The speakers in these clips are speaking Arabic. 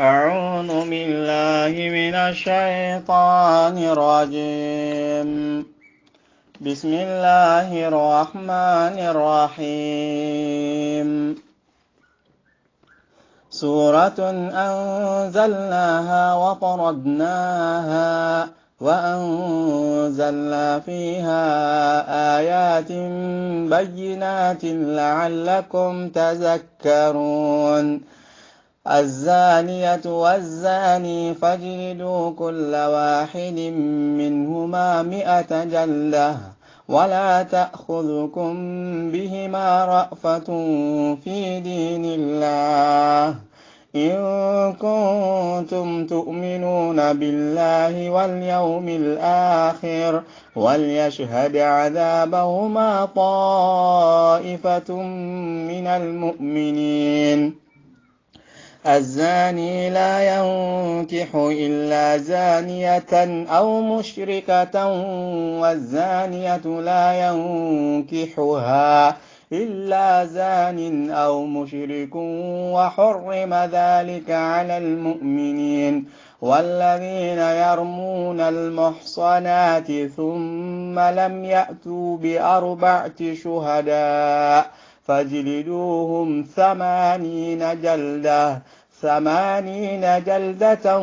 أعوذ بالله من الشيطان الرجيم بسم الله الرحمن الرحيم سورة أنزلناها وفرضناها وأنزلنا فيها آيات بينات لعلكم تذكرون الزانية والزاني فاجلدوا كل واحد منهما مئة جلة ولا تأخذكم بهما رأفة في دين الله إن كنتم تؤمنون بالله واليوم الآخر وليشهد عذابهما طائفة من المؤمنين الزاني لا ينكح إلا زانية أو مشركة والزانية لا ينكحها إلا زان أو مشرك وحرم ذلك على المؤمنين والذين يرمون المحصنات ثم لم يأتوا بأربعة شهداء فاجلدوهم ثمانين جلدة ثمانين جلدة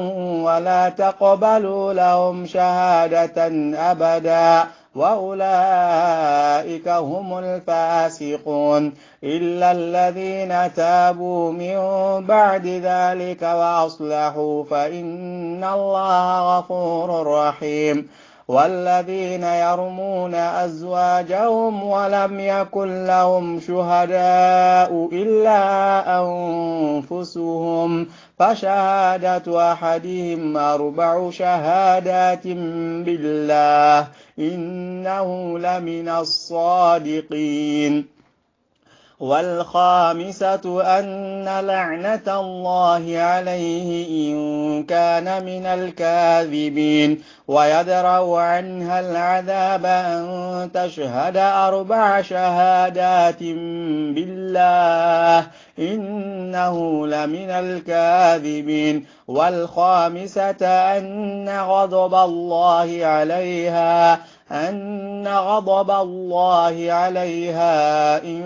ولا تقبلوا لهم شهادة أبدا وأولئك هم الفاسقون إلا الذين تابوا من بعد ذلك وأصلحوا فإن الله غفور رحيم والذين يرمون أزواجهم ولم يكن لهم شهداء إلا أنفسهم فشهادة أحدهم أربع شهادات بالله إنه لمن الصادقين والخامسة أن لعنة الله عليه إن كان من الكاذبين ويدرأ عنها العذاب أن تشهد أربع شهادات بالله إنه لمن الكاذبين والخامسة أن غضب الله عليها أن غضب الله عليها إن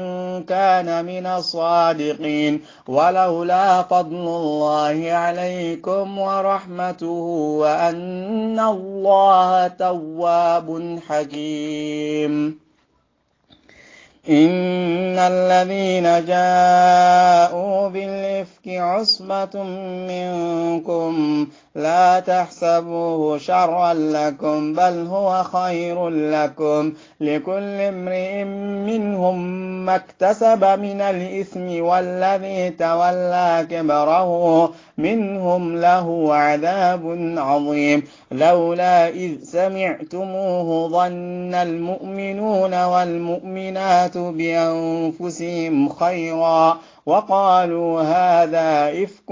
كان من الصادقين ولولا فضل الله عليكم ورحمته وأن الله تواب حكيم إن الذين جاءوا بالإفك عصبة منكم لا تحسبوه شرا لكم بل هو خير لكم لكل امرئ منهم ما اكتسب من الإثم والذي تولى كبره منهم له عذاب عظيم لولا إذ سمعتموه ظن المؤمنون والمؤمنات بأنفسهم خيرا وقالوا هذا إفك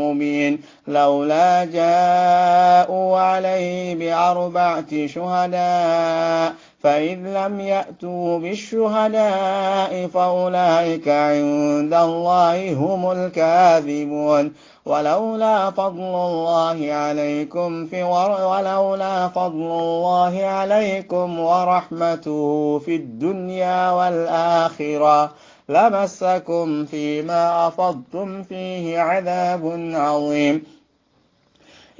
مبين لولا جاءوا عليه بأربعة شهداء فإذ لم يأتوا بالشهداء فأولئك عند الله هم الكاذبون ولولا فضل الله عليكم في ور... ولولا فضل الله عليكم ورحمته في الدنيا والآخرة لمسكم فيما أفضتم فيه عذاب عظيم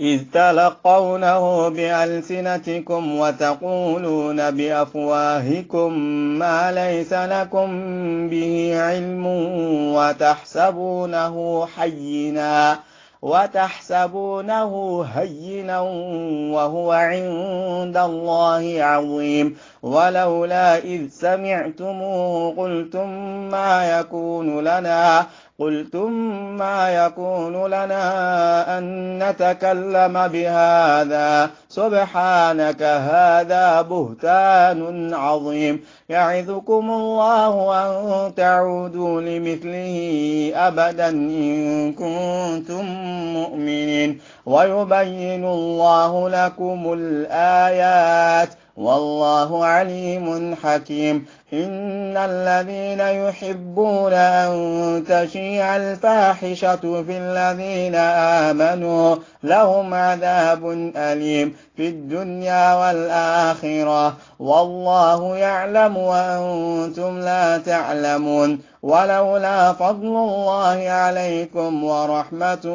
إذ تلقونه بألسنتكم وتقولون بأفواهكم ما ليس لكم به علم وتحسبونه حيناً وتحسبونه هينا وهو عند الله عظيم ولولا إذ سمعتموه قلتم ما يكون لنا قلتم ما يكون لنا أن نتكلم بهذا سبحانك هذا بهتان عظيم يعظكم الله أن تعودوا لمثله أبدا إن كنتم مؤمنين ويبين الله لكم الآيات والله عليم حكيم إن الذين يحبون أن تشيع الفاحشة في الذين آمنوا لهم عذاب أليم في الدنيا والآخرة والله يعلم وأنتم لا تعلمون ولولا فضل الله عليكم ورحمته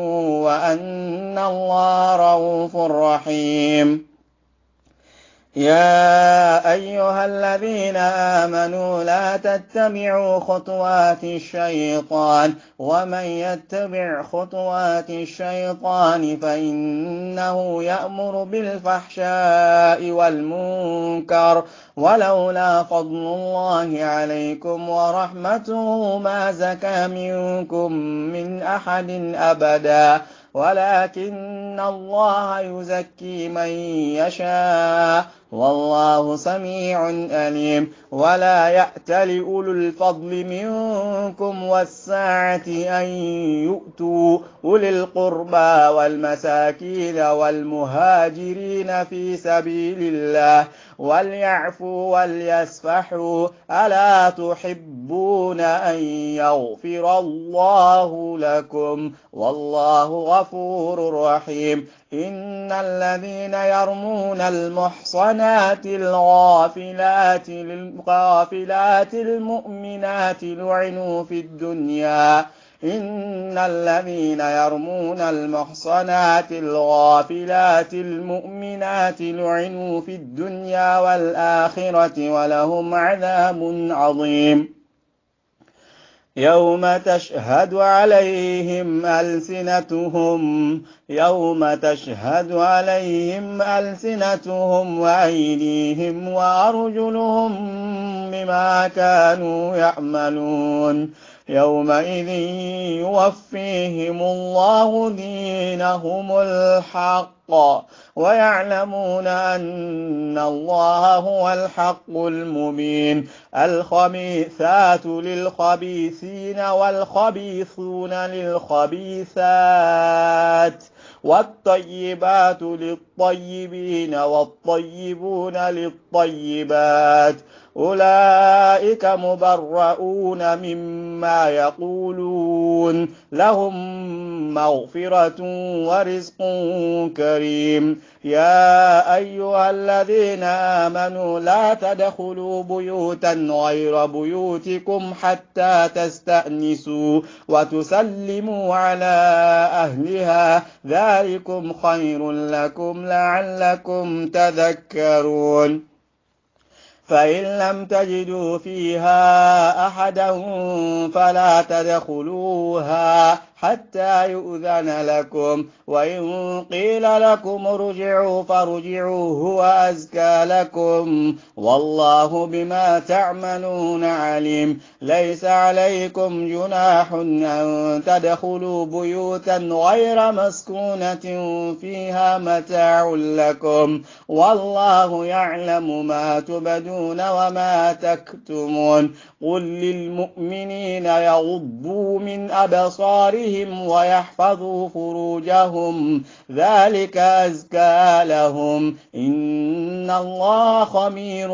وأن الله رؤوف رحيم يا أيها الذين آمنوا لا تتبعوا خطوات الشيطان ومن يتبع خطوات الشيطان فإنه يأمر بالفحشاء والمنكر ولولا فضل الله عليكم ورحمته ما زكى منكم من أحد أبداً ولكن الله يزكي من يشاء والله سميع أليم ولا يأتل أولو الفضل منكم والساعة أن يؤتوا أولي القربى والمساكين والمهاجرين في سبيل الله وليعفوا وليسفحوا ألا تحبون أن يغفر الله لكم والله غفور غفور رحيم إن الذين يرمون المحصنات الغافلات الغافلات المؤمنات لعنوا في الدنيا إن الذين يرمون المحصنات الغافلات المؤمنات لعنوا في الدنيا والآخرة ولهم عذاب عظيم يوم تشهد عليهم ألسنتهم يوم تشهد عليهم ألسنتهم وأيديهم وأرجلهم بما كانوا يعملون يومئذ يوفيهم الله دينهم الحق الحق ويعلمون أن الله هو الحق المبين الخبيثات للخبيثين والخبيثون للخبيثات والطيبات للطيبين والطيبون للطيبات أولئك مبرؤون مما يقولون لهم مغفرة ورزق كريم كريم يا أيها الذين آمنوا لا تدخلوا بيوتا غير بيوتكم حتى تستأنسوا وتسلموا على أهلها ذلكم خير لكم لعلكم تذكرون فإن لم تجدوا فيها أحدا فلا تدخلوها حتى يؤذن لكم وإن قيل لكم ارجعوا فارجعوا هو أزكى لكم والله بما تعملون عليم ليس عليكم جناح أن تدخلوا بيوتا غير مسكونة فيها متاع لكم والله يعلم ما تبدون وما تكتمون قل للمؤمنين يغضوا من أبصارهم بِأَيْدِيهِمْ وَيَحْفَظُوا فُرُوجَهُمْ ذَلِكَ أَزْكَى لَهُمْ إِنَّ اللَّهَ خَبِيرٌ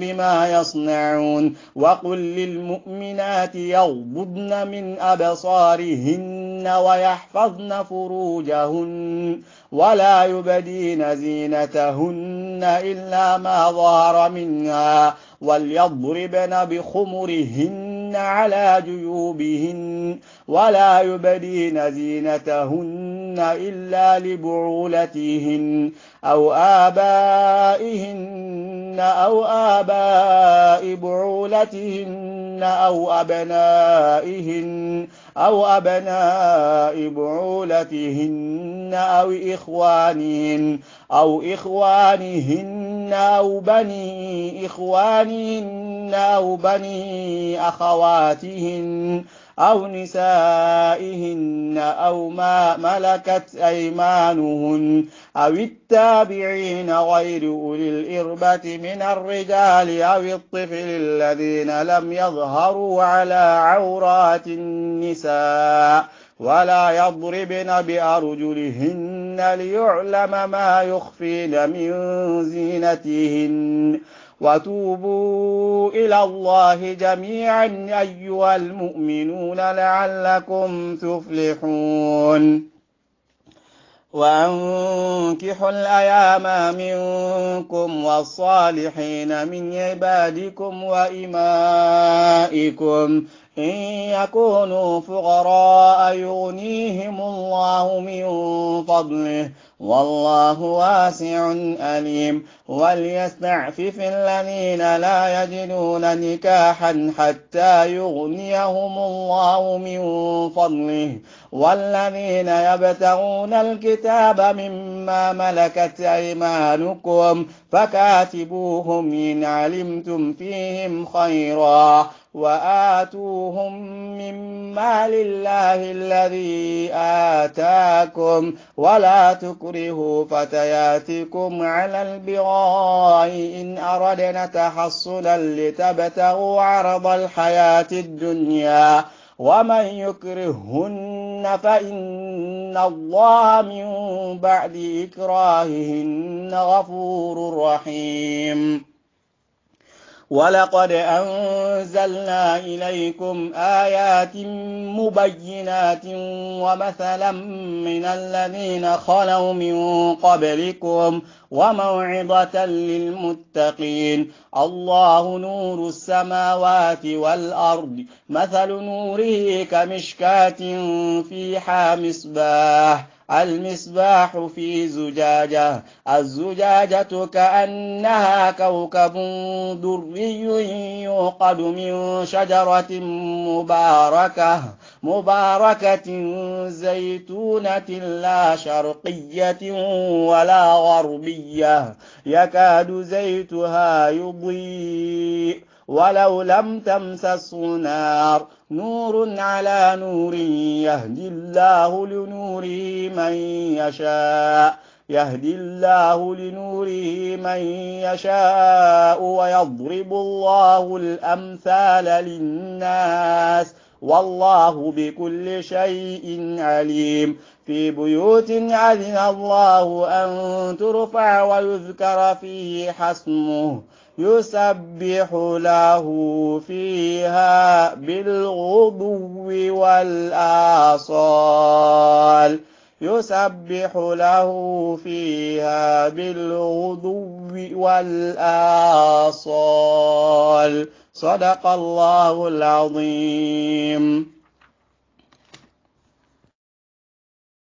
بِمَا يَصْنَعُونَ وَقُل لِّلْمُؤْمِنَاتِ يَغْضُضْنَ مِنْ أَبْصَارِهِنَّ وَيَحْفَظْنَ فُرُوجَهُنَّ ولا يبدين زينتهن إلا ما ظهر منها وليضربن بخمرهن على جيوبهن ولا يبدين زينتهن إلا لبعولتهن أو آبائهن أو آباء بعولتهن أو أبنائهن أو أبناء بعولتهن أو إخوانهن أو إخوانهن أو بني إخوانهن أو بني أخواتهن أو نسائهن أو ما ملكت أيمانهن أو التابعين غير أولي الإربة من الرجال أو الطفل الذين لم يظهروا على عورات النساء ولا يضربن بأرجلهن ليعلم ما يخفين من زينتهن وتوبوا إلى الله جميعا أيها المؤمنون لعلكم تفلحون وأنكحوا الأيام منكم والصالحين من عبادكم وإمائكم إن يكونوا فقراء يغنيهم الله من فضله والله واسع أليم وليستعفف الذين لا يجدون نكاحا حتى يغنيهم الله من فضله والذين يبتغون الكتاب مما ملكت أيمانكم فكاتبوهم إن علمتم فيهم خيرا وآتوهم مما لله الذي آتاكم ولا تكونوا تكرهوا فتياتكم على البغاء إن أردنا تحصلا لتبتغوا عرض الحياة الدنيا ومن يكرههن فإن الله من بعد إكراههن غفور رحيم ولقد أنزلنا إليكم آيات مبينات ومثلا من الذين خلوا من قبلكم وموعظة للمتقين الله نور السماوات والأرض مثل نوره كمشكاة فيها مصباح المصباح في زجاجة الزجاجة كأنها كوكب دري يوقد من شجرة مباركة مباركة زيتونة لا شرقية ولا غربية يكاد زيتها يضيء ولو لم تمسس نار نور على نور يهدي الله لنوره من يشاء يهدي الله لنوره من يشاء ويضرب الله الأمثال للناس والله بكل شيء عليم في بيوت أذن الله أن ترفع ويذكر فيه حسمه يسبح له فيها بالغدو والآصال يسبح له فيها بالغدو والآصال صدق الله العظيم